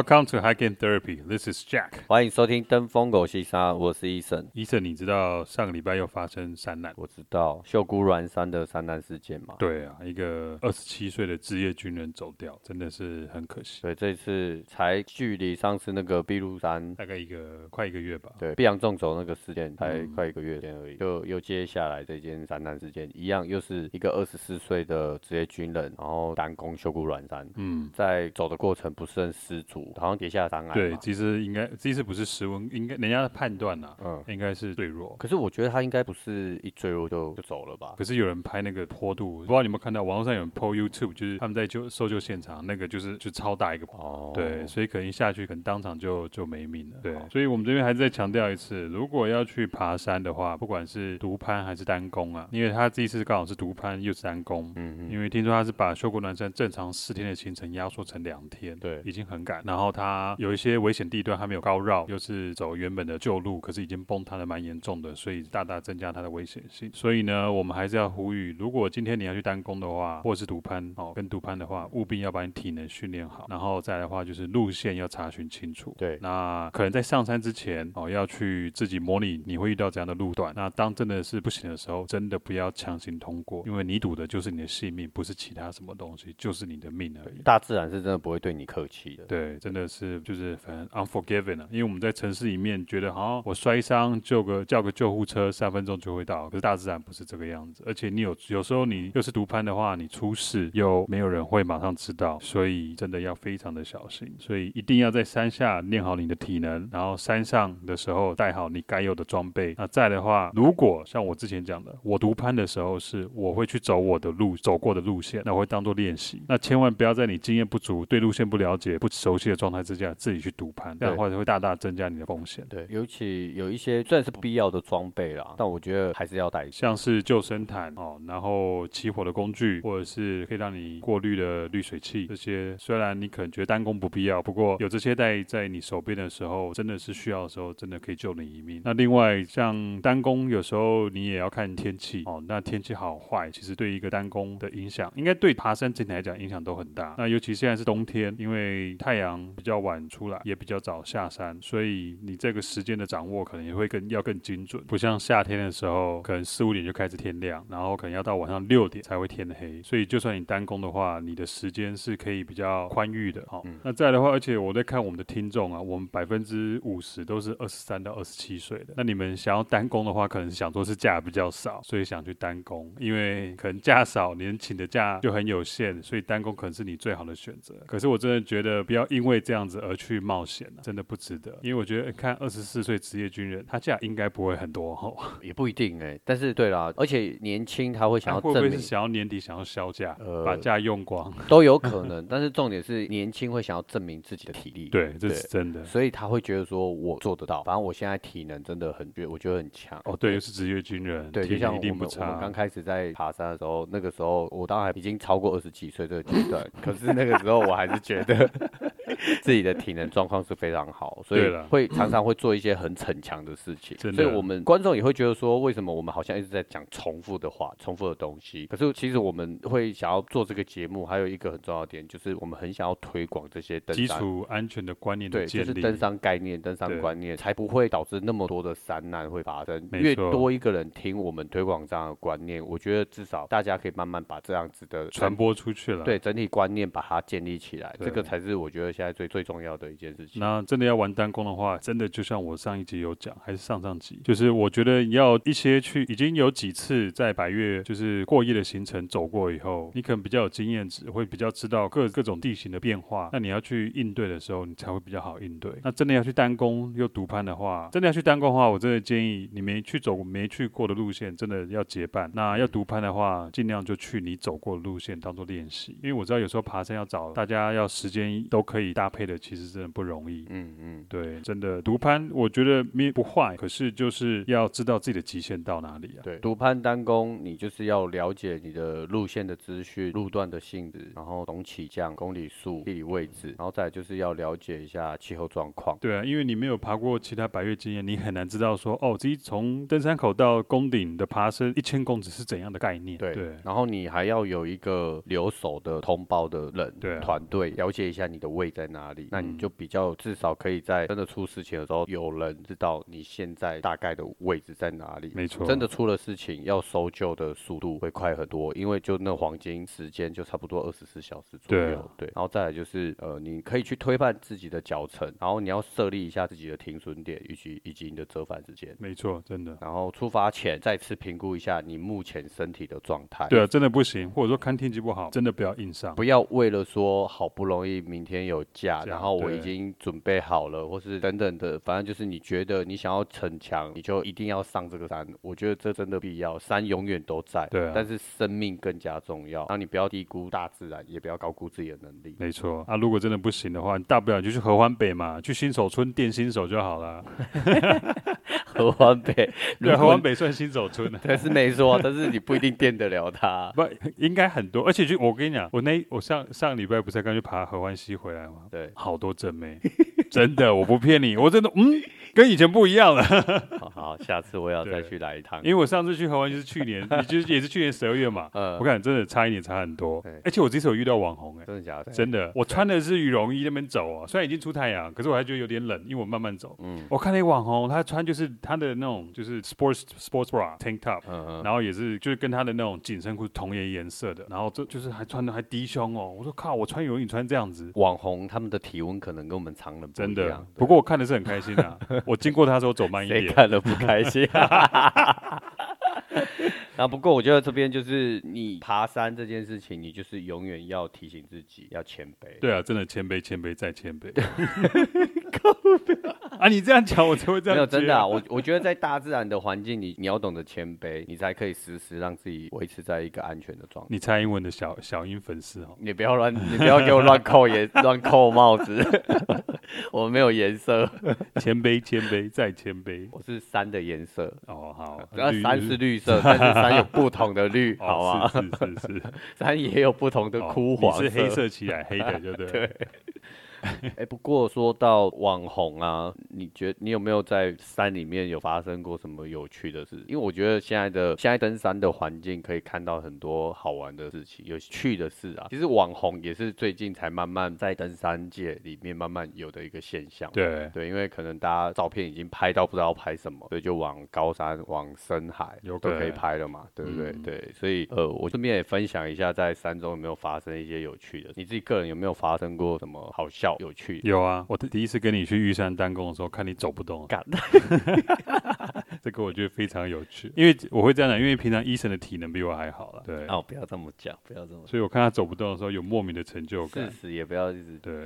Welcome to Hiking Therapy. This is Jack. 歡迎收聽登峰狗西沙，我是 Eason。Eason，你知道上個禮拜又發生山難？我知道秀姑巒山的山難事件嘛？對啊，一個二十七歲的職業軍人走掉，真的是很可惜。所以這次才距離上次那個畢祿山大概一個快一個月吧？對，畢羊縱走那個事件才快一個月前而已。嗯、就又接下來這件山難事件，一樣又是一個二十四歲的職業軍人，然後單攻秀姑巒山，嗯，在走的過程不慎失足。好像跌下山案，對。其實應該這次不是失溫，應該人家的判斷啊，嗯，應該是墜落。可是我覺得他應該不是一墜落就就走了吧？可是有人拍那個坡度，不知道你們看到？網絡上有人 PO YouTube，就是他們在救搜救現場，那個就是就超大一個坡，哦、對，所以可能下去，可能當場就就沒命了。對。哦、所以我們這邊還是再強調一次，如果要去爬山的話，不管是獨攀還是單攻啊，因為他這次剛好是獨攀又是單攻，嗯嗯，哼，因為聽說他是把秀姑巒山正常四天的行程壓縮成兩天，對，已經很趕了。然後它有一些危險地段，它沒有高繞，又、就是走原本的舊路，可是已經崩塌的蠻嚴重的，所以大大增加它的危險性。所以呢，我們還是要呼籲，如果今天你要去單攻的話，或是獨攀哦，跟獨攀的話，務必要把你體能訓練好。然後再來的話，就是路線要查詢清楚。對，那可能在上山之前哦，要去自己模擬你會遇到怎樣的路段。那當真的是不行的時候，真的不要強行通過，因為你賭的就是你的性命，不是其他什麼東西，就是你的命而已。大自然是真的不會對你客氣的。對。真的是就是反正 unforgiven 啊，因為我們在城市裡面覺得好、哦、我摔傷救個叫個救護車三分鐘就會到，可是大自然不是這個樣子，而且你有有時候你又是獨攀的話，你出事又沒有人會馬上知道，所以真的要非常的小心，所以一定要在山下練好你的體能，然後山上的時候帶好你該有的裝備。那再的話，如果像我之前講的，我獨攀的時候是我會去走我的路走過的路線，那我會當做練習，那千萬不要在你經驗不足、對路線不了解、不熟悉。狀態之下自己去讀盤，這樣的話會大大增加你的風險。對，對，尤其有一些雖然是必要的裝備啦，但我覺得還是要帶一，像是救生毯，哦，然後起火的工具，或者是可以讓你過濾的濾水器這些。雖然你可能覺得單弓不必要，不過有這些帶在你手邊的時候，真的是需要的時候，真的可以救你一命。那另外像單弓，有時候你也要看天氣哦。那天氣好壞，其實對一個單弓的影響，應該對爬山整體來講影響都很大。那尤其現在是冬天，因為太陽比較晚出來，也比較早下山，所以你這個時間的掌握可能也會更要更精準。不像夏天的時候，可能四五點就開始天亮，然後可能要到晚上六點才會天黑。所以就算你單攻的話，你的時間是可以比較寬裕的哦。嗯、那再來的話，而且我在看我們的聽眾啊，我們百分之五十都是二十三到二十七歲的。那你們想要單攻的話，可能想說是假比較少，所以想去單攻，因為可能假少，你請的假就很有限，所以單攻可能是你最好的選擇。可是我真的覺得，不要因為為這樣子而去冒險真的不值得。因為我覺得，看二十四歲職業軍人，他假應該不會很多、哦、也不一定哎、欸，但是對啦，而且年輕他會想要證明，會會是想要年底想要銷假，呃、把假用光都有可能。 但是重點是，年輕會想要證明自己的體力，對，這是真的。所以他會覺得說，我做得到。反正我現在體能真的很，我覺得很強哦。對，又是職業軍人，嗯、對，體能一定不差。我，我剛開始在爬山的時候，那個時候我當然已經超過二十幾歲這個階段， 可是那個時候我還是覺得。 自己的體能狀況是非常好，所以會常常會做一些很逞強的事情。所以我們觀眾也會覺得說，為什麼我們好像一直在講重複的話、重複的東西？可是其實我們會想要做這個節目，還有一個很重要的點就是，我們很想要推廣這些登山基礎安全的觀念，對，就是登山概念、登山觀念，才不會導致那麼多的山難會發生。越多一個人聽我們推廣這樣的觀念，我覺得至少大家可以慢慢把這樣子的傳播出去了，對整體觀念把它建立起來，這個才是我覺得現在。最最重要的一件事情。那真的要玩單攻的話，真的就像我上一集有講，還是上上集，就是我覺得你要一些去，已經有幾次在百岳就是過夜的行程走過以後，你可能比較有經驗值，會比較知道各各種地形的變化。那你要去應對的時候，你才會比較好應對。那真的要去單攻，又獨攀的話，真的要去單攻的話，我真的建議你沒去走沒去過的路線，真的要結伴。那要獨攀的話，儘量就去你走過的路線當做練習，因為我知道有時候爬山要找大家要時間都可以。搭配的其實真的不容易，嗯，嗯嗯，對，真的獨攀我覺得沒不壞，可是就是要知道自己的極限到哪裡啊。對，獨攀單攻，你就是要了解你的路線的資訊、路段的性質，然後總起降、公里數、地理位置，然後再就是要了解一下氣候狀況。對啊，因為你沒有爬過其他百岳經驗，你很難知道說哦，自己從登山口到攻頂的爬升一千公尺是怎樣的概念。對，對，然後你還要有一個留守的同胞的人團隊、啊，了解一下你的位在哪裡？那你就比較，至少可以在真的出事情的時候，有人知道你現在大概的位置在哪裡。沒錯，真的出了事情，要搜救的速度會快很多，因為就那黃金時間就差不多二十四小時左右。對，對，然後再來就是呃，你可以去推翻自己的腳程，然後你要設立一下自己的停損點以及以及你的折返時間。沒錯，真的。然後出發前再次評估一下你目前身體的狀態。對啊，真的不行，或者說看天氣不好，真的不要硬上，不要為了說好不容易明天有。假，然後我已經準備好了，對或是等等的，反正就是你覺得你想要逞強，你就一定要上這個山。我覺得這真的必要，山永遠都在，對、啊，但是生命更加重要。然後你不要低估大自然，也不要高估自己的能力。沒錯，嗯、啊，如果真的不行的話，你大不了你就去合歡北嘛，去新手村墊新手就好了、啊。 合歡北， 對，果合歡北算新手村呢、啊，但 是沒錯， 但是你不一定墊得了它、啊。不，應該很多，而且就我跟你講，我那我上上禮拜不是剛去爬合歡西回來嗎？對，好多正妹，真的， 我不騙你，我真的，嗯。跟以前不一樣了。好，下次我要再去來一趟，因為我上次去台灣就是去年，就是也是去年十二月嘛。我我看真的差一點，差很多。而且我這次有遇到網紅。哎，真的假的？真的，我穿的是羽絨衣那邊走啊，雖然已經出太陽，可是我還覺得有點冷，因為我慢慢走。我看那網紅，他穿就是他的那種就是 sports sports bra tank top，然後也是就是跟他的那種緊身褲同顏顏色的，然後這就是還穿的還低胸哦。我說靠，我穿羽絨衣穿這樣子，網紅他們的體溫可能跟我們常人不一樣，真的，不過我看的是很開心啊。我經過他時候走慢一點，誰看了不開心？哈，不過我覺得這邊就是你爬山這件事情，你就是永遠要提醒自己要謙卑。對啊，真的謙卑，謙卑再謙卑。 啊，你這樣講我才會這樣。沒有真的啊，我我覺得在大自然的環境，你你要懂得謙卑，你才可以時時讓自己維持在一個安全的狀態。你蔡英文的小小英粉絲哦，你不要亂，你不要給我亂扣顏，亂扣帽子。我沒有顏色，謙卑，謙卑，再謙卑。我是山的顏色哦，好，那山是綠色，但是山有不同的綠，好啊，是是是，山也有不同的枯黃，是黑色起來黑的，對不對？對。哎、 欸，不過說到網紅啊，你覺得你有沒有在山裡面有發生過什麼有趣的事？因為我覺得現在的現在登山的環境可以看到很多好玩的事情、有趣的事啊。其實網紅也是最近才慢慢在登山界裡面慢慢有的一個現象。對對，因為可能大家照片已經拍到不知道拍什麼，所以就往高山、往深海都有 對可以拍了嘛，對不對？嗯嗯對，所以呃，我順便也分享一下在山中有沒有發生一些有趣的事，你自己個人有沒有發生過什麼好笑？有趣，有啊！我第一次跟你去玉山單攻的時候，看你走不動，感的幹。 這個我覺得非常有趣，因為我會這樣講，因為平常醫生的體能比我還好了。對，哦，不要這麼講，不要這麼。所以我看他走不動的時候，有莫名的成就感。但是，也不要一直。對。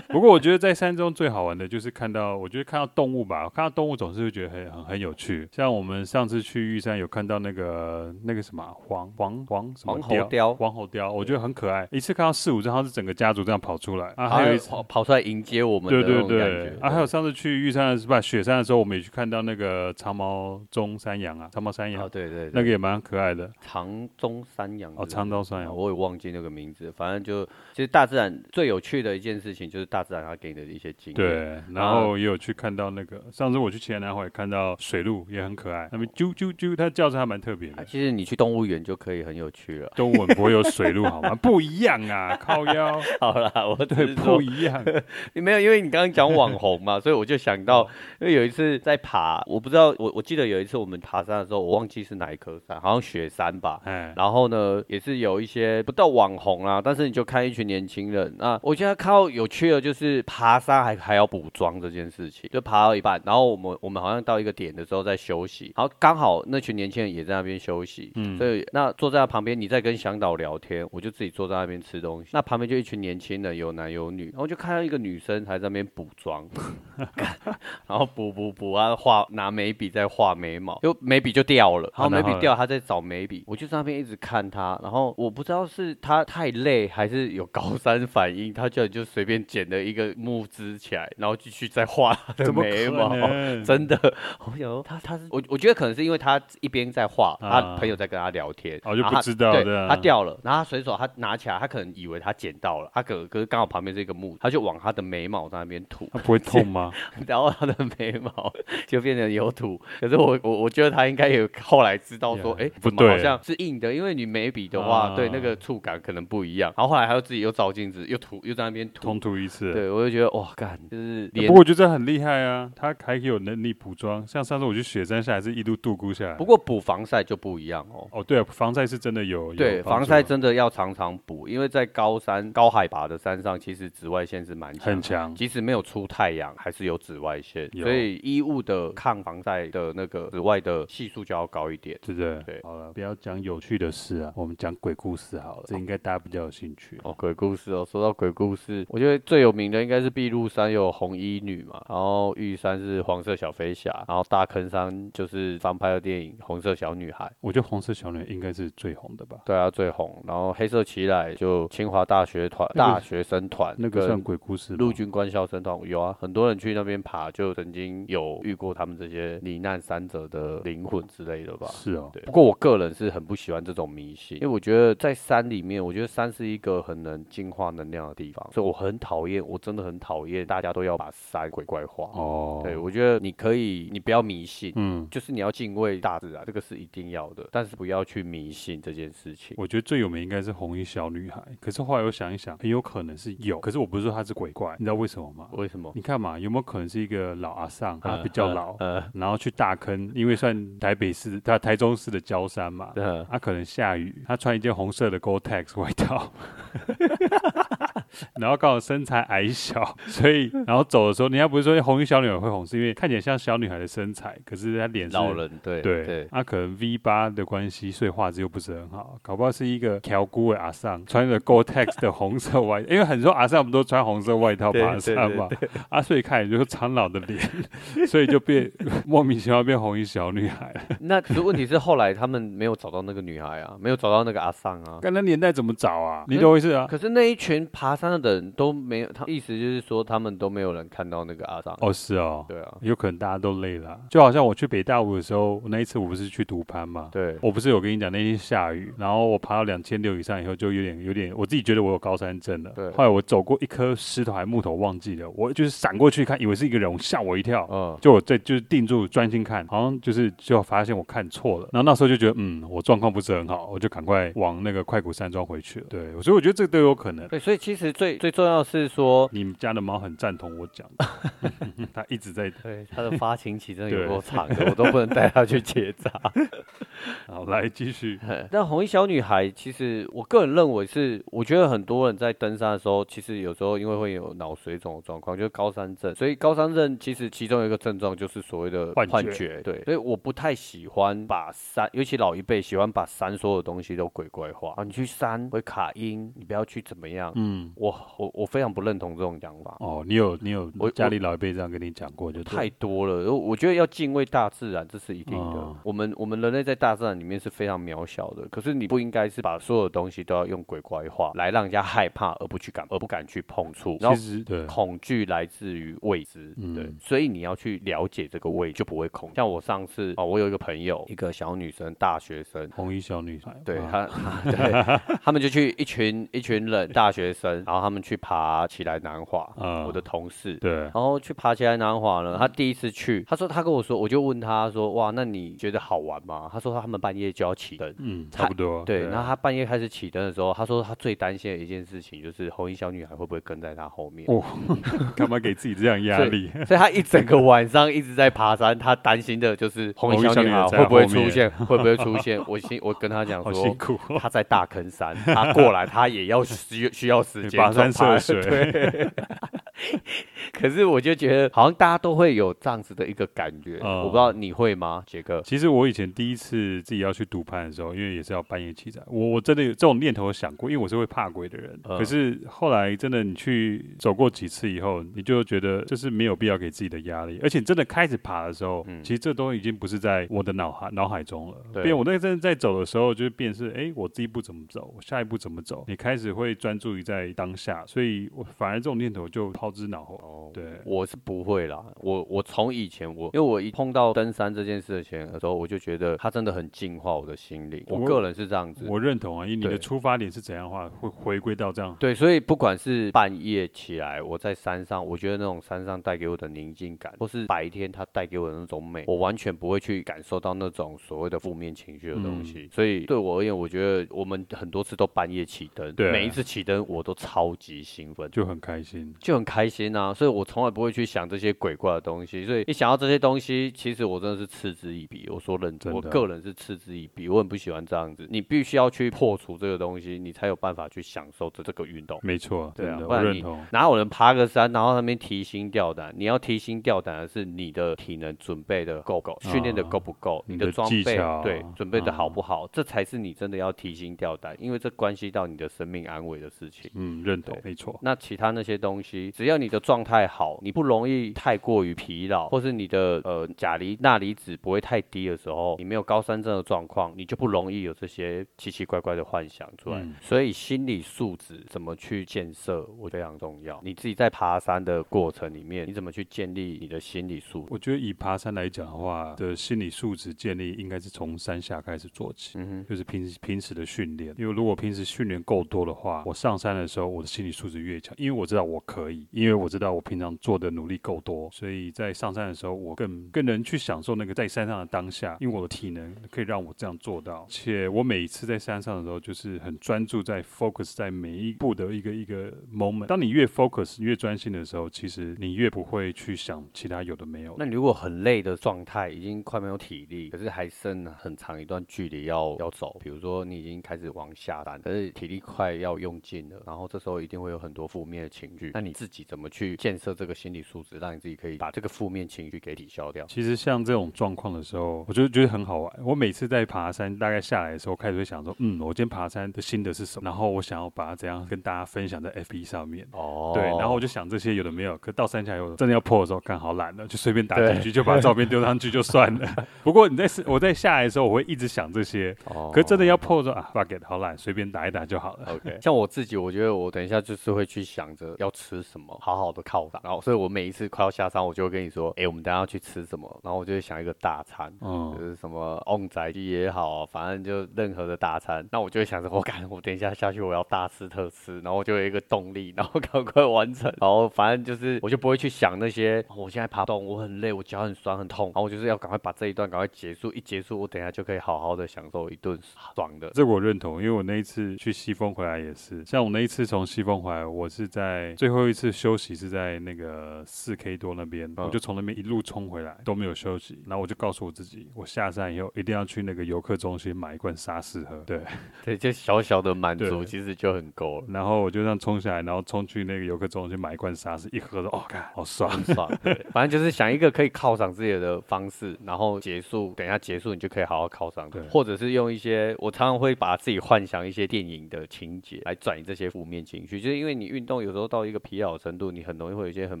不過我覺得在山中最好玩的就是看到，我覺得看到動物吧，看到動物總是會覺得很很很有趣。像我們上次去玉山有看到那個那個什麼黃黃黃什麼黃喉貂，黃喉貂，我覺得很可愛。一次看到四五隻，它是整個家族這樣跑出來啊，還有跑跑出來迎接我們。對對對。啊，還有上次去玉山的，是吧？雪山的時候我們也去看到那個長毛。長鬃山羊啊，長毛山羊、哦、對，對對，那個也蠻可愛的。長鬃山羊是是，哦，長刀山羊、啊，我也忘記那個名字。反正就其實大自然最有趣的一件事情，就是大自然它給你的一些經驗。對，然後也有去看到那個，啊、上次我去前南，也看到水鹿，也很可愛。那麼啾啾啾，它叫聲還蠻特別的、啊。其實你去動物園就可以很有趣了。動物園不會有水鹿好嗎？不一樣啊， 靠腰。好了，我對不一樣。你 沒有，因為你剛剛講網紅嘛， 所以我就想到，因為有一次在爬，我不知道我我。我記得有一次我們爬山的時候，我忘記是哪一顆山，好像雪山吧。嗯。然後呢，也是有一些不到網紅啊，但是你就看一群年輕人啊。那我現在看到有趣的，就是爬山還還要補妝這件事情，就爬到一半，然後我們我們好像到一個點的時候在休息，然後剛好那群年輕人也在那邊休息。嗯。所以那坐在那旁邊，你在跟向導聊天，我就自己坐在那邊吃東西。那旁邊就一群年輕人，有男有女，然後就看到一個女生還在那邊補妝， 然後補補補啊，畫拿眉筆在。畫眉毛，就眉筆就掉了，然後眉筆掉了，他在找眉筆。我就在那邊一直看他，然後我不知道是他太累還是有高山反應，他居然就隨便撿了一個木枝起來，然後繼續再畫他的眉毛。怎麼可能？真的，我有他，他是我，我覺得可能是因為他一邊在畫，啊、他朋友在跟他聊天，我就、啊、不知道他，對，他掉了，然後他隨手他拿起來，他可能以為他撿到了。他哥哥剛好旁邊是一個木，他就往他的眉毛在那邊塗，他不會痛嗎？ 然後他的眉毛就變成有土。可是我我我覺得他應該也後來知道說，哎 Yeah,、欸，怎麼好像是硬的，啊、因為你眉筆的話，啊、對那個觸感可能不一樣。然後後來他又自己又照鏡子，又塗又在那邊通塗一次。對，我就覺得哇，幹就是臉。不過我覺得這很厲害啊，他還可以有能力補妝，像上次我去雪山下還是一度度菇下來。不過補防曬就不一樣哦。哦，對、啊，防曬是真的有。有對，防曬真的要常常補，因為在高山高海拔的山上，其實紫外線是蠻強，很強即使沒有出太陽，還是有紫外線。有所以衣物的抗防曬的。那個紫外的係數就要高一點，是不的對？對，好了，不要講有趣的事啊，我們講鬼故事好了，啊、這應該大家比較有興趣、啊。哦，鬼故事哦，說到鬼故事，我覺得最有名的應該是畢祿山有紅衣女嘛，然後玉山是黃色小飛俠，然後大坑山就是翻拍的電影《紅色小女孩》。我覺得紅色小女孩應該是最紅的吧？對啊，最紅。然後黑色奇萊就清華大學團、那個、大學生團那個像、那個、鬼故事，陸軍官校生團有啊，很多人去那邊爬，就曾經有遇過他們這些罹難三者的靈魂之類的吧，是哦。對。不過我個人是很不喜歡這種迷信，因為我覺得在山裡面，我覺得山是一個很能淨化能量的地方，所以我很討厭，我真的很討厭大家都要把山鬼怪化。哦，對，我覺得你可以，你不要迷信，嗯，就是你要敬畏大自然，這個是一定要的，但是不要去迷信這件事情。我覺得最有名應該是紅衣小女孩，可是後來我想一想，很有可能是有，可是我不是說她是鬼怪，你知道為什麼嗎？為什麼？你看嘛，有沒有可能是一個老阿桑他比較老，呃，然後去帶。大坑，因為算台北市，他台中市的郊山嘛，他、嗯啊、可能下雨，他穿一件紅色的 g o t e x 外套， 然後剛好身材矮小，所以然後走的時候，人家不是說紅衣小女孩會紅，是因為看起來像小女孩的身材，可是他臉老人，對對，他可能 V 八的關係，所以畫質又不是很好，搞不好是一個喬姑的阿桑穿着 g o t e x 的紅色外套， 因為很多阿桑我們都穿紅色外套爬山嘛，阿、啊、所看也就蒼老的臉，所以就變 莫名其妙。要變紅衣小女孩，那可是問題是後來他們沒有找到那個女孩啊，沒有找到那個阿桑啊。那 年代怎麼找啊？可是 你就會是啊？可是那一群爬山的人都沒有，他意思就是說他們都沒有人看到那個阿桑。哦，是哦，對啊，有可能大家都累了，啊，就好像我去北大武的時候，那一次我不是去獨攀嘛？對，我不是有跟你講那天下雨，然後我爬到兩千六以上以後就有點有點，我自己覺得我有高山症了。對，後來我走過一棵石頭還木頭忘記了，我就是閃過去看，以為是一個人我，嚇我一跳。嗯，就我這就是定住專心，看，好像就是就發現我看錯了，然後那時候就覺得，嗯，我狀況不是很好，我就趕快往那個快古山莊回去了。對，所以我覺得這個都有可能。對，所以其實最最重要的是說，你們家的貓很贊同我講的，它、 嗯嗯、一直在。對，它的發情期真的有多長的，對對我都不能帶它去結紮。 好，來繼續。那紅衣小女孩，其實我個人認為是，我覺得很多人在登山的時候，其實有時候因為會有腦水腫的狀況，就是高山症。所以高山症其實其中一個症狀就是所謂的幻覺。對，對，所以我不太喜歡把山，尤其老一輩喜歡把山所有的東西都鬼怪化啊。你去山會卡陰，你不要去怎麼樣。嗯，我我我非常不認同這種講法。哦，你有你有，我家裡老一輩這樣跟你講過，就太多了我。我覺得要敬畏大自然，這是一定的。哦、我們我們人類在大自然裡面是非常渺小的，可是你不應該是把所有的東西都要用鬼怪化來讓人家害怕，而不去敢而不敢去碰觸。其實，對，恐懼來自於未知，對，嗯、所以你要去了解這個未知，就不會恐。像我上次哦，我有一個朋友，一個小女生，大學生，紅衣小女孩，對，她，對，他們就去一群一群人大學生，然後他們去爬奇萊南華，嗯，我的同事，對，然後去爬奇萊南華呢，他第一次去，他說他跟我說，我就問他說，哇，那你覺得好玩嗎？他說他們半夜就要起登，嗯，差不多，對，然後他半夜開始起登的時候，他說他最擔心的一件事情就是紅衣小女孩會不會跟在他後面，幹嘛給自己這樣壓力？所以他一整個晚上一直在爬山，他擔。擔心的就是紅衣小女孩會不會出現，會不會出現？面我心我跟他講說，辛苦哦、他在大坑山， 他過來，他也要需要需要時間跋山涉水對。 可是我就覺得好像大家都會有這樣子的一個感覺，我不知道你會嗎，嗯、傑哥克？其實我以前第一次自己要去獨攀的時候，因為也是要半夜起早，我我真的有這種念頭想過，因為我是會怕鬼的人。可是後來真的你去走過幾次以後，你就覺得就是沒有必要給自己的壓力，而且真的開始爬的時候，其實這都已經不是在我的腦海、嗯、腦海中了。對，我那陣在走的時候，就變成是哎，我第一步怎麼走，我下一步怎麼走？你開始會專注於在當下，所以我反而這種念頭就拋。知腦後哦，對，我是不會啦。我我從以前我因為我一碰到登山這件事情的時候，我就覺得它真的很淨化我的心靈。我，我個人是這樣子，我認同啊。因為你的出發點是怎樣的話，對會回歸到這樣。對，所以不管是半夜起來，我在山上，我覺得那種山上帶給我的寧靜感，或是白天它帶給我的那種美，我完全不會去感受到那種所謂的負面情緒的東西。嗯、所以對我而言，我覺得我們很多次都半夜起登，對、啊，每一次起登我都超級興奮，就很開心，就很。開心啊！所以我從來不會去想這些鬼怪的東西。所以一想到這些東西，其實我真的是嗤之以鼻。我說認真的，我個人是嗤之以鼻。我很不喜歡這樣子。你必須要去破除這個東西，你才有辦法去享受這這個運動。沒錯錯，對啊。的不然你哪有人爬個山，然後那邊提心吊膽？你要提心吊膽的是你的體能準備的夠、啊、不夠，訓練的夠不夠，你的裝備對準備的好不好？啊、這才是你真的要提心吊膽，因為這關係到你的生命安危的事情。嗯，認同，對沒錯錯。那其他那些東西。只要你的狀態好，你不容易太過於疲勞，或是你的呃鉀離鈉離子不會太低的時候，你沒有高山症的狀況，你就不容易有這些奇奇怪怪的幻想出來。嗯、所以心理素質怎麼去建設，我覺得非常重要。你自己在爬山的過程裡面，你怎麼去建立你的心理素質？我覺得以爬山來講的話，的心理素質建立應該是從山下開始做起，嗯、哼就是平時平時的訓練。因為如果平時訓練夠多的話，我上山的時候我的心理素質越強，因為我知道我可以。因為我知道我平常做的努力夠多，所以在上山的時候，我更更能去享受那個在山上的當下。因為我的體能可以讓我這樣做到，且我每一次在山上的時候，就是很專注在 focus 在每一步的一個一個 moment。當你越 focus 越專心的時候，其實你越不會去想其他有的沒有。那你如果很累的狀態，已經快沒有體力，可是還剩很長一段距離要要走。比如說你已經開始往下山，可是體力快要用盡了，然後這時候一定會有很多負面的情緒。那你自己。怎麼去建設這個心理素質，讓你自己可以把這個負面情緒給抵消掉？其實像這種狀況的時候，我就覺得很好玩。我每次在爬山大概下來的時候，我開始會想說，嗯，我今天爬山的心得是什麼？然後我想要把它怎樣跟大家分享在 FB 上面。哦，對，然後我就想這些有的沒有，可到山下有真的要 po 的時候，看好懶了，就隨便打幾句，對就把照片丟上去就算了。 不過你在我在下來的時候，我會一直想這些。哦，可真的要 po 的時候啊，fuck it，、嗯、好懶，隨便打一打就好了。OK， 像我自己，我覺得我等一下就是會去想着要吃什麼。好好的犒賞，然後所以我每一次快要下山，我就會跟你說：“哎、欸，我們等一下要去吃什麼？”然後我就會想一個大餐，嗯，就是什麼旺仔雞也好，反正就任何的大餐。那我就會想着，我、哦、趕我等一下下去，我要大吃特吃，然後我就有一個動力，然後趕快完成。然後反正就是，我就不會去想那些，哦、我現在爬不動，我很累，我腳很酸很痛。然後我就是要趕快把這一段趕快結束，一結束，我等一下就可以好好的享受一頓爽的。這我認同，因為我那一次去西峰回來也是，像我那一次從西峰回來，我是在最後一次。休息是在那個四 K 多那邊，嗯、我就從那邊一路衝回來，都沒有休息。然後我就告訴我自己，我下山以後一定要去那個遊客中心買一罐沙士喝。對，對，就小小的滿足對其實就很夠了。然後我就這樣衝下來，然後衝去那個遊客中心買一罐沙士，一喝就，哦，幹，好爽爽。對，反正 就是想一個可以犒賞自己的方式，然後結束。等一下結束，你就可以好好犒賞。對，對或者是用一些，我常常會把自己幻想一些電影的情節來轉移這些負面情緒，就是因為你運動有時候到一個疲勞程度你很容易會有一些很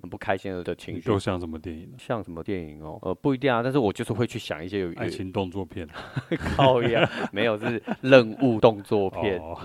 很不開心的情緒。都像什麼電影？像什麼電影哦？呃，不一定啊。但是我就是會去想一些有愛情動作片，好 呀，沒有是任務動作片。Oh.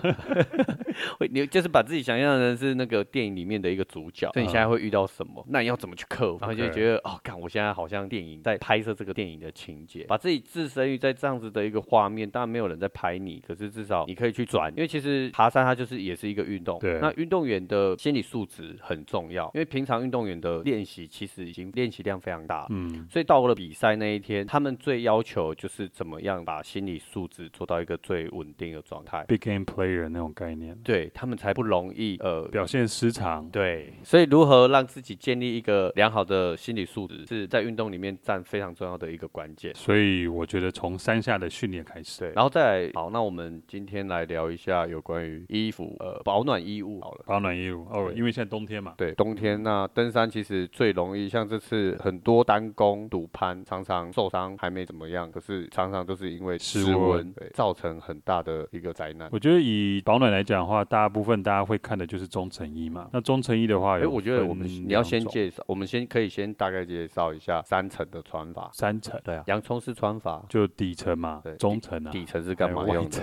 你就是把自己想象成是那個電影裡面的一個主角，所以你現在會遇到什麼？Uh. 那你要怎麼去克服？Okay. 然後就覺得哦，幹我現在好像電影在拍攝這個電影的情節，把自己置身於在這樣子的一個畫面，當然沒有人在拍你，可是至少你可以去轉。因為其實爬山它就是也是一個運動，對。那運動員的心理素質很重。重要，因為平常運動員的練習其實已經練習量非常大，嗯，所以到了比賽那一天，他們最要求就是怎麼樣把心理素質做到一個最穩定的狀態，Big Game Player 那種概念，對他們才不容易呃表現失常，對，所以如何讓自己建立一個良好的心理素質是在運動裡面占非常重要的一個關鍵，所以我覺得從山下的訓練開始，對，然後再來好，那我們今天來聊一下有關於衣服呃保暖衣物好了，保暖衣物暖衣、哦，因為現在冬天嘛，對。對，冬天那、啊、登山其實最容易，像這次很多單攻獨攀常常受傷，還沒怎麼樣，可是常常都是因為失溫對，造成很大的一個災難。我覺得以保暖來講的話，大部分大家會看的就是中層衣嘛。那中層衣的話，哎、欸，我覺得我們你要先介紹，種種我們先可以先大概介紹一下三層的穿法。三層，對啊，洋蔥式穿法，就底層嘛，對，中層、啊底，底層是幹嘛用的？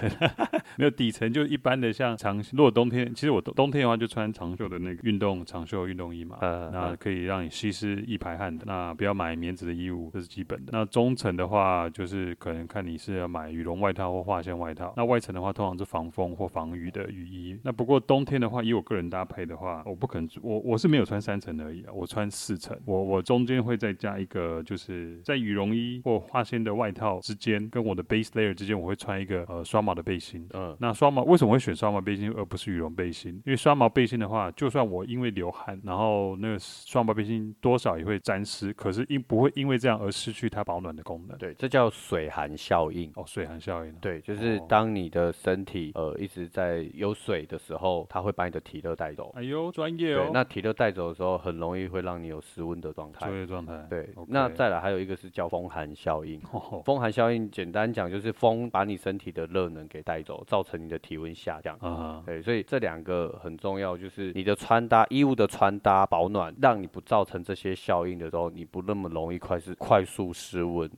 哎、 沒有底層，就一般的像長袖。如果冬天，其實我冬冬天的話就穿長袖的那個運動長。袖運動衣嘛，uh, uh, 那可以讓你吸濕易排汗的。那不要買棉質的衣物，這是基本的。那中層的話，就是可能看你是要買羽絨外套或化纖外套。那外層的話，通常是防風或防雨的雨衣。那不過冬天的話，以我個人搭配的話，我不可能，我我是沒有穿三層而已啊，我穿四層。我我中間會再加一個，就是在羽絨衣或化纖的外套之間，跟我的 base layer 之間，我會穿一個呃刷毛的背心。嗯，uh, 那刷毛為什麼會選刷毛背心而不是羽絨背心？因為刷毛背心的話，就算我因為流寒，然後那個雙胞背心多少也會沾濕，可是因不會因為這樣而失去它保暖的功能。對，這叫水寒效應哦。水寒效應、啊。對，就是當你的身體、哦、呃一直在有水的時候，它會把你的體熱帶走。哎呦，專業、哦。對，那體熱帶走的時候，很容易會讓你有失溫的狀態。專業狀態。對，Okay 那再來還有一個是叫風寒效應。哦、風寒效應簡單講就是風把你身體的熱能給帶走，造成你的體溫下降。啊、嗯哼。對，所以這兩個很重要，就是你的穿搭衣物的。穿搭保暖，讓你不造成這些效應的時候，你不那麼容易快速、快速失溫。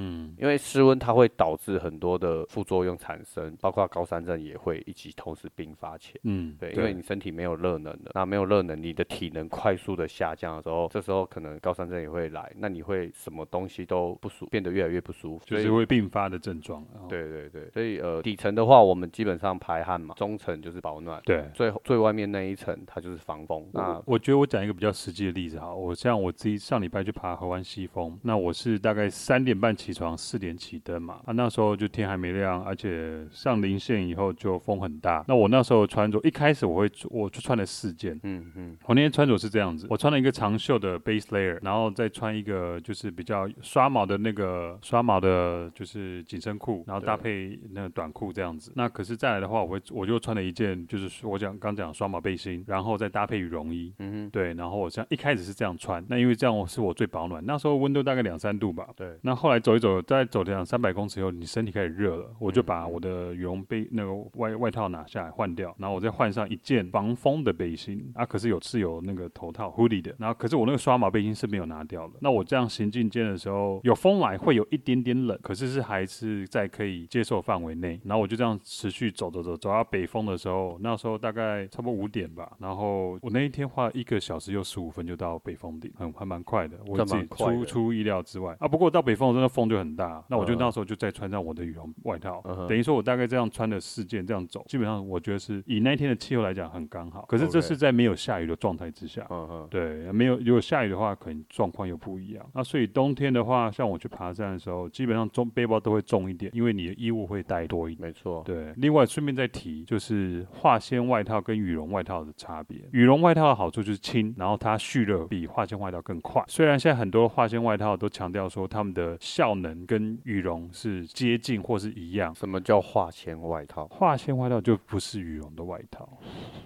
嗯，因為失溫它會導致很多的副作用產生，包括高山症也會一起同時併發起嗯，對、對，因為你身體沒有熱能了，那沒有熱能，你的體能快速的下降的時候，這時候可能高山症也會來，那你會什麼東西都不舒，變得越來越不舒服，就是會併發的症狀。哦、對對對，所以呃，底層的話我們基本上排汗嘛，中層就是保暖，對，最最外面那一層它就是防風。那我，我覺得我講一個比較實際的例子哈，我像我自己上禮拜去爬合歡西峰，那我是大概三點半起。起床四點起的嘛，啊那時候就天還沒亮，而且上稜線以後就風很大。那我那時候穿着，一開始我會我就穿了四件，嗯嗯，嗯我那天穿着是這樣子，我穿了一個長袖的 base layer，然後再穿一個就是比較刷毛的那個刷毛的，就是緊身褲，然後搭配那個短褲這樣子。對那可是再來的話，我會我就穿了一件就是我講剛講的刷毛背心，然後再搭配羽絨衣，嗯嗯，嗯對，然後我像一開始是這樣穿，那因為這樣我是我最保暖，那時候溫度大概兩三度吧，對，那後來。走一走，再走兩三百公尺以後，你身體開始熱了，嗯、我就把我的羽絨背那個外外套拿下來換掉，然後我再換上一件防風的背心啊，可是有是有那個頭套 hoodie 的，然後可是我那個刷毛背心是沒有拿掉的。那我這樣行進間的時候，有風來會有一點點冷，可是是還是在可以接受範圍內。然後我就這樣持續走走走，走到北峰的時候，那時候大概差不多五點吧。然後我那一天花一個小時又十五分就到北峰頂，很、嗯，還蠻快的，我自己出出,出意料之外啊。不過到北峰我真的時候。風就很大，那我就那時候就再穿上我的羽絨外套，uh huh. 等於說我大概這樣穿了四件這樣走，基本上我覺得是以那一天的氣候來講很剛好。可是這是在沒有下雨的狀態之下，uh huh. 對，沒有，如果下雨的話，可能狀況又不一樣。那所以冬天的話，像我去爬山的時候，基本上重背包都會重一點，因為你的衣物會帶多一點。沒錯，對。另外順便再提就是化纖外套跟羽絨外套的差別，羽絨外套的好處就是輕，然後它蓄熱比化纖外套更快。雖然現在很多化纖外套都強調說他們的效果效能跟羽絨是接近或是一樣。什麼叫化纖外套？化纖外套就不是羽絨的外套。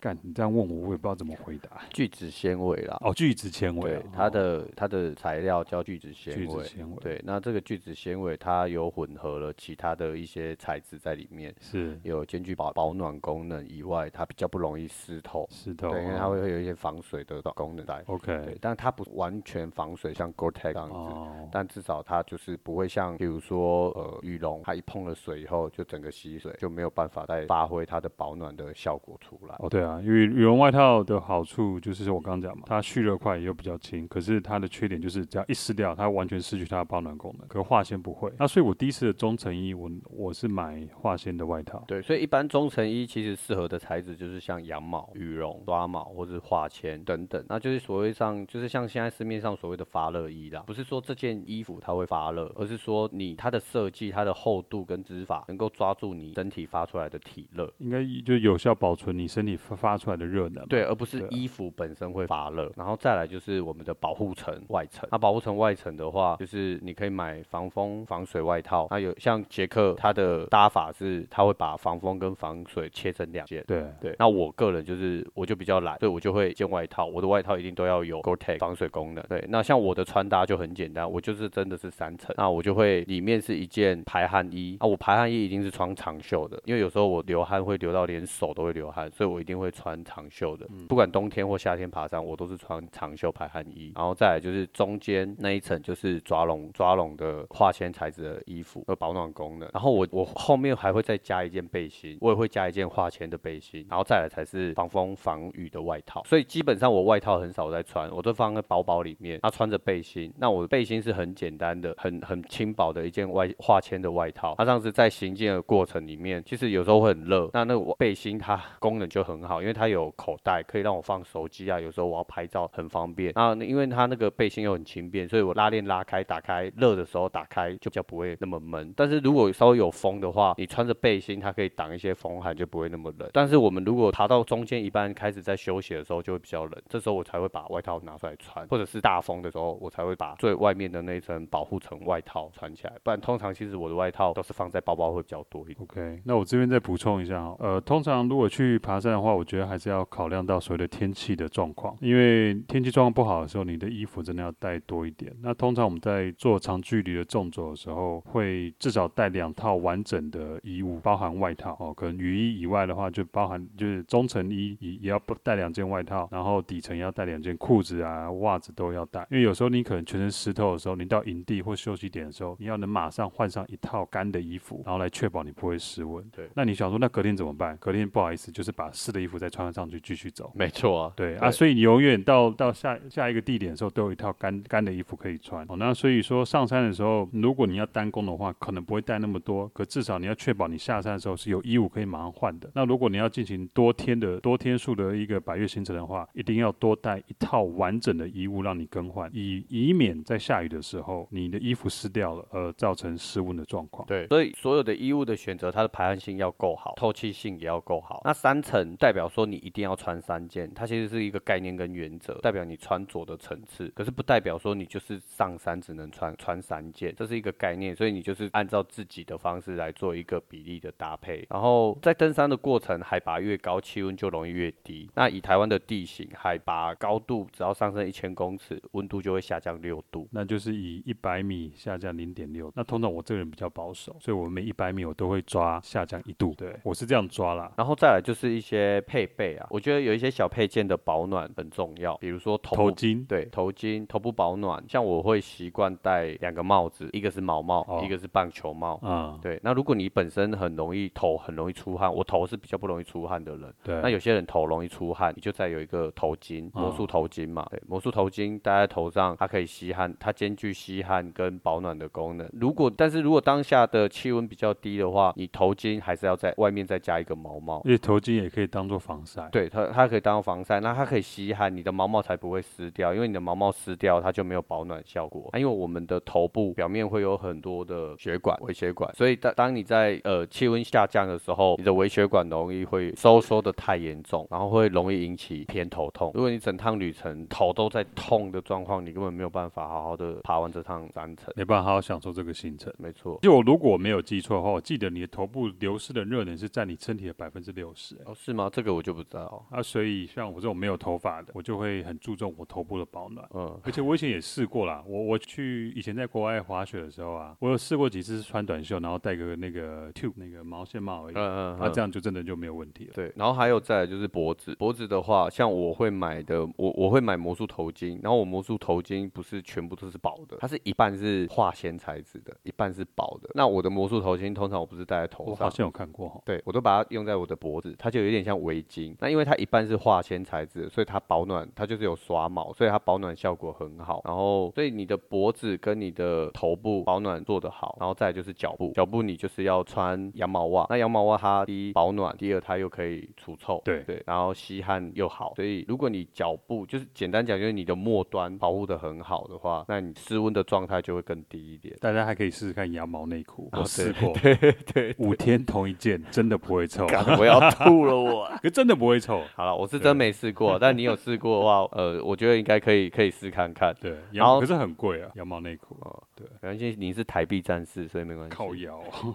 幹，你這樣問我，我也不知道怎麼回答。聚酯纖維啦，哦，聚酯纖維，它的它的材料叫聚酯纖維。纖維，對。那這個聚酯纖維，它有混合了其他的一些材質在裡面，是有兼具保保暖功能以外，它比較不容易濕透。濕透啊，對，因為它會會有一些防水的功能在。OK，對，但它不完全防水，像 Gore-Tex 這樣子，oh. 但至少它就是不。不會像比如說呃羽絨，它一碰了水以後就整個吸水，就沒有辦法再發揮它的保暖的效果出來。哦，對啊，因為羽絨外套的好處就是我剛剛講嘛，它蓄熱快，又比較輕。可是它的缺點就是只要一濕掉，它完全失去它的保暖功能。可是化纖不會。那所以我第一次的中層衣，我我是買化纖的外套。對，所以一般中層衣其實適合的材質就是像羊毛、羽絨、抓毛或者化纖等等。那就是所謂上，就是像現在市面上所謂的發熱衣啦，不是說這件衣服它會發熱。而是說你它的設計、它的厚度跟織法能夠抓住你身體發出來的體熱，應該就有效保存你身體發出來的熱能。對，而不是衣服本身會發熱。對然後再來就是我們的保護層外層，那、啊、保護層外層的話，就是你可以買防風防水外套。那有像傑克，他的搭法是他會把防風跟防水切成兩件。對對。那我個人就是我就比較懶，所以我就會一件外套，我的外套一定都要有 Gore-Tex 防水功能。對，那像我的穿搭就很簡單，我就是真的是三層。那我就會裡面是一件排汗衣啊，我排汗衣一定是穿長袖的，因為有時候我流汗會流到連手都會流汗，所以我一定會穿長袖的。不管冬天或夏天爬山，我都是穿長袖排汗衣。然後再來就是中間那一層就是抓絨抓絨的化纖材質的衣服，有保暖功能。然後我我後面還會再加一件背心，我也會加一件化纖的背心。然後再來才是防風防雨的外套。所以基本上我外套很少在穿，我都放在包包裡面、啊。他穿着背心，那我的背心是很簡單的，很很。輕薄的一件外化纖的外套，它上次在行進的過程裡面，其實有時候會很熱。那那個背心它功能就很好，因為它有口袋，可以讓我放手機啊，有時候我要拍照很方便。那因為它那個背心又很輕便，所以我拉鏈拉開打開，熱的時候打開就比較不會那麼悶。但是如果稍微有風的話，你穿着背心，它可以擋一些風寒，就不會那麼冷。但是我們如果爬到中間一半開始在休息的時候，就會比較冷，這時候我才會把外套拿出來穿，或者是大風的時候，我才會把最外面的那一層保護層外套。好，穿起來，不然通常其實我的外套都是放在包包會比較多一點。OK，那我這邊再補充一下哈，呃，通常如果去爬山的話，我覺得還是要考量到所謂的天氣的狀況，因為天氣狀況不好的時候，你的衣服真的要帶多一點。那通常我們在做長距離的縱走的時候，會至少帶兩套完整的衣物，包含外套哦，可能雨衣以外的話，就包含就是中層衣也也要帶兩件外套，然後底層也要帶兩件褲子啊，襪子都要帶，因為有時候你可能全身濕透的時候，你到營地或休息點的時候，你要能馬上換上一套乾的衣服，然後來確保你不會失溫。對，那你想說，那隔天怎麼辦？隔天不好意思，就是把濕的衣服再穿上去繼續走。沒錯，啊，對、對啊，所以你永遠到到下下一個地點的時候，都有一套乾乾的衣服可以穿。哦、那所以說，上山的時候，如果你要單攻的話，可能不會帶那麼多，可至少你要確保你下山的時候是有衣物可以馬上換的。那如果你要進行多天的多天數的一個百岳行程的話，一定要多帶一套完整的衣物讓你更換，以以免在下雨的時候，你的衣服濕。濕掉了，而造成失溫的狀況。對，所以所有的衣物的選擇，它的排汗性要夠好，透氣性也要夠好。那三層代表說你一定要穿三件，它其實是一個概念跟原則，代表你穿着的層次。可是不代表說你就是上山只能穿穿三件，這是一個概念，所以你就是按照自己的方式來做一個比例的搭配。然後在登山的過程，海拔越高，氣溫就容易越低。那以台灣的地形海拔高度，只要上升一千公尺，溫度就會下降六度。那就是以一百米下下降零點六，那通常我這個人比較保守，所以，我每一百米我都會抓下降一度，對，我是這樣抓啦。然後再來就是一些配備啊，我覺得有一些小配件的保暖很重要，比如說頭，頭巾，對，頭巾頭部保暖，像我會習慣戴兩個帽子，一個是毛帽，哦、一個是棒球帽啊，嗯、對。那如果你本身很容易頭很容易出汗，我頭是比較不容易出汗的人，對。那有些人頭容易出汗，你就再有一個頭巾，魔術頭巾嘛，嗯、對，魔術頭巾戴在頭上，它可以吸汗，它兼具吸汗跟保暖的功能，如果但是如果當下的氣溫比較低的話，你頭巾還是要在外面再加一個毛毛。因為頭巾也可以當做防曬，對，它它可以當做防曬，那它可以吸汗，你的毛毛才不會濕掉。因為你的毛毛濕掉，它就沒有保暖效果。啊，因為我們的頭部表面會有很多的血管、微血管，所以當當你在呃氣溫下降的時候，你的微血管容易會收縮得太嚴重，然後會容易引起偏頭痛。如果你整趟旅程頭都在痛的狀況，你根本沒有辦法好好的爬完這趟山程。好好享受這個行程，沒錯。就我如果沒有記錯的話，我記得你的頭部流失的熱能是占你身體的百分之六十哦？是嗎？這個我就不知道啊。所以像我這種沒有頭髮的，我就會很注重我頭部的保暖。嗯，而且我以前也試過啦，我我去以前在國外滑雪的時候啊，我有試過幾次穿短袖，然後戴個那個 tube 那個毛線帽而已。嗯、嗯，那這樣就真的就沒有問題了。對。然後還有再來就是脖子，脖子的話，像我會買的，我我會買魔術頭巾，然後我魔術頭巾不是全部都是薄的，它是一半是。化纖材質的一半是薄的，那我的魔術頭巾通常我不是戴在頭上，我好像有看過、哦，對，我都把它用在我的脖子，它就有點像圍巾。那因為它一半是化纖材質，所以它保暖，它就是有刷毛，所以它保暖效果很好。然後，所以你的脖子跟你的頭部保暖做得好，然後再就是腳部，腳部你就是要穿羊毛襪。那羊毛襪它第一保暖，第二它又可以除臭，對對，然後吸汗又好。所以如果你腳部就是簡單講，就是你的末端保護的很好的話，那你失溫的狀態就會更。低一點，大家還可以試試看羊毛內褲，我試過，五天同一件真的不會臭，我要吐了我， 可真的不會臭。好了，我是真沒試過，對但你有試過的話，呃，我覺得應該可以，可以試看看。對，羊毛好可是很貴啊，羊毛內褲啊、哦，對，反正你是台幣戰士，所以沒關係，靠腰謠、哦。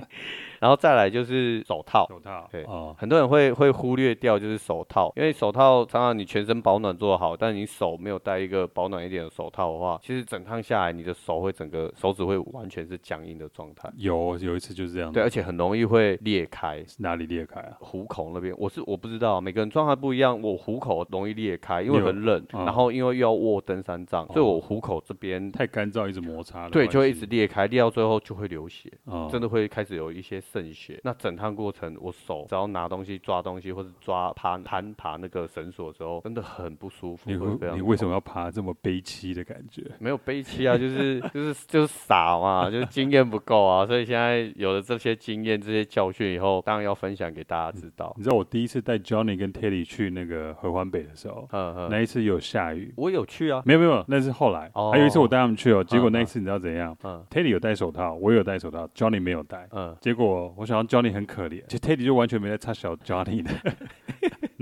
然後再來就是手套，手套對哦，嗯、很多人會會忽略掉就是手套，因為手套常常你全身保暖做得好，但是你手沒有戴一個保暖一點的手套的話，其實整趟下來你的手會整個手指會完全是僵硬的狀態。有有一次就是這樣，對，而且很容易會裂開。是哪裡裂開啊？虎口那邊，我是我不知道、啊，每個人狀態不一樣。我虎口容易裂開，因為很冷，嗯、然後因為又要握登山杖，嗯、所以我虎口這邊太乾燥，一直摩擦，對，就會一直裂開，裂到最後就會流血，嗯嗯、真的會開始。有一些滲血，那整趟過程，我手只要拿東西、抓東西或者抓攀攀爬，爬那個繩索的時候，真的很不舒服。你你為什麼要爬這麼悲悽的感覺？沒有悲戚啊，就是 就是、就是、就是傻嘛，就是經驗不夠啊，所以現在有了這些經驗、這些教訓以後，當然要分享給大家知道。嗯、你知道我第一次帶 Johnny 跟 Teddy 去那個合歡北的時候，嗯嗯，那、嗯、一次有下雨，我有去啊，沒有沒有，那是後來。哦，還有一次我帶他們去哦，結果那次你知道怎樣？嗯，嗯 Teddy 有戴手套，我有戴手套，Johnny 沒有戴。嗯。結果我想到 Johnny 很可憐，其實 Teddy 就完全沒在他，想要 Johnny 的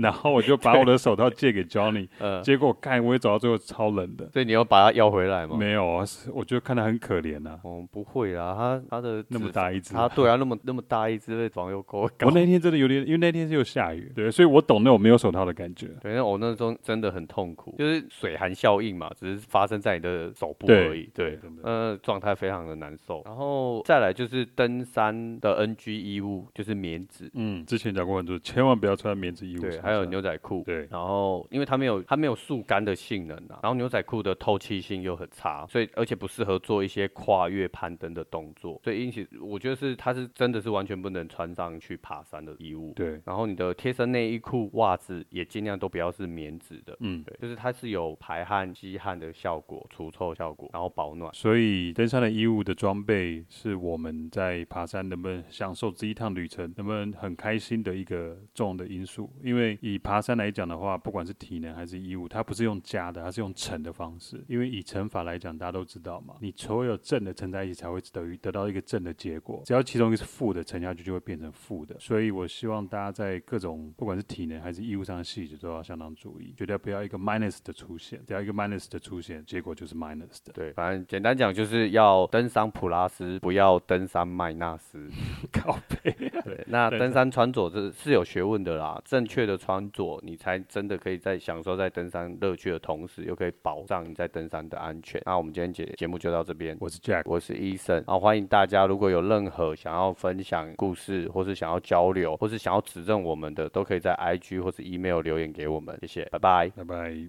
然後我就把我的手套借給 Johnny，呃、 嗯，結果幹，我也找到最後超冷的。所以你要把它要回來嗎？沒有啊，我覺得看他很可憐啊。我、哦、不會啊，他他的那麼大一只，他對啊， 那麼那麼大一只那種狗。我那天真的有點，因為那天是又下雨，對，所以我懂那種沒有手套的感覺。對，那我那時候真的很痛苦，就是水寒效應嘛，只是發生在你的手部而已。對，呃對，狀態對、嗯、非常的難受。然後再來就是登山的 NG 衣物，就是棉質，嗯，之前講過很多，千萬不要穿棉質衣物。對。還有牛仔褲，對，然後，因為它沒有它沒有速乾的性能啊，然後牛仔褲的透氣性又很差，所以而且不適合做一些跨越攀登的動作，所以因此我覺得是它是真的是完全不能穿上去爬山的衣物，對，然後你的貼身內衣褲襪子也盡量都不要是棉質的，嗯，對，就是它是有排汗吸汗的效果、除臭效果，然後保暖，所以登山的衣物的裝備是我們在爬山能不能享受這一趟旅程、能不能很開心的一個重要的因素，因為。以爬山來講的話，不管是體能還是衣物，它不是用加的，它是用乘的方式。因為以乘法來講，大家都知道嘛，你所有正的乘在一起才會等於得到一個正的結果。只要其中一個是負的乘下去，就會變成負的。所以我希望大家在各種不管是體能還是衣物上的細節都要相當注意，絕對不要一個 minus 的出現。只要一個 minus 的出現，結果就是 minus 的。對，反正簡單講就是要登山普拉斯，不要登山麥納斯。 靠背悲。對，那登山穿着是是有學問的啦，正確的。穿着，你才真的可以在享受在登山樂趣的同時，又可以保障你在登山的安全。那我們今天節節目就到這邊，我是 Jack，我是 Eason。好，啊，歡迎大家如果有任何想要分享故事，或是想要交流，或是想要指正我們的，都可以在 IG 或是 email 留言給我們，謝謝，拜拜，拜拜。